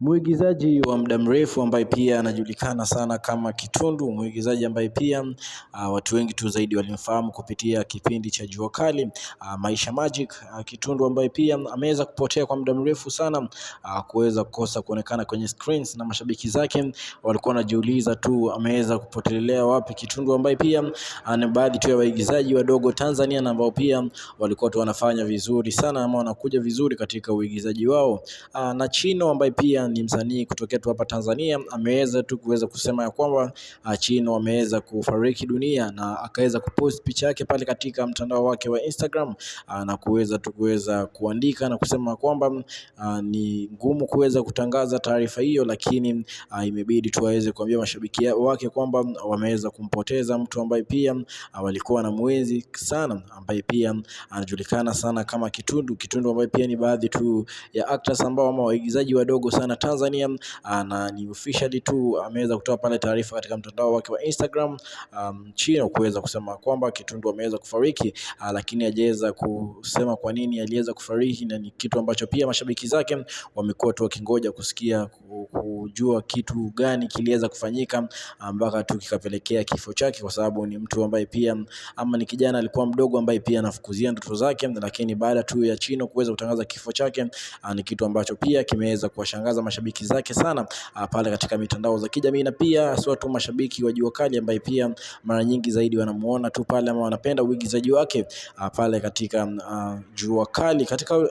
Muigizaji wa muda mrefu ambaye pia anajulikana sana kama Kitundu, muigizaji ambaye pia uh, watu wengi tu zaidi walimfahamu kupitia kipindi cha Jua Kali uh, Maisha Magic uh, Kitundu ambaye pia ameweza kupotea kwa muda mrefu sana uh, kuweza kukosa kuonekana kwenye screens, na mashabiki zake walikuwa wanajiuliza tu ameweza kupotelea wapi Kitundu ambaye pia ni baadhi tu ya waigizaji wadogo Tanzania na ambao pia walikuwa tu wanafanya vizuri sana ama wanakuja vizuri katika uigizaji wao uh, na Chino ambaye pia ni msanii kutokea tu hapa Tanzania, ameweza tu kuweza kusema ya kwamba ah, Chino ameweza kufariki dunia, na akaweza kupost picha yake pale katika mtandao wake wa Instagram ah, na kuweza tu kuweza kuandika na kusema kwamba ah, ni ngumu kuweza kutangaza taarifa hiyo, lakini imebidi tu aweze kuambia mashabiki wake kwamba wameweza kumpoteza mtu ambaye pia walikuwa na mwenzi sana, ambaye pia anajulikana sana kama Kitundu. Kitundu ambaye pia ni baadhi tu ya actors ambao ama waigizaji wadogo sana Tanzania ah, na ni officially tu ameweza kutoa pale taarifa katika mtandao wake wa Instagram um, chini kuweza kusema kwamba Kitundu ameweza kufariki uh, lakini hajaweza kusema kwa nini aliweza kufariki, na ni kitu ambacho pia mashabiki zake wamekuwa tu wakingoja kusikia kujua kitu gani kiliweza kufanyika ah, mpaka tu kikapelekea kifo chake, kwa sababu ni mtu ambaye pia ama ni kijana alikuwa mdogo ambaye pia anafukuzia ndoto zake, lakini baada tu ya Chino kuweza kutangaza kifo chake ni kitu ambacho pia kimeweza kuwashangaza ameshangaza mashabiki zake sana ah, pale katika mitandao za kijamii, na pia sio tu mashabiki wa Jua Kali ambaye pia mara nyingi zaidi wanamuona tu pale ama wanapenda uigizaji wake ah, pale katika ah, Jua Kali katika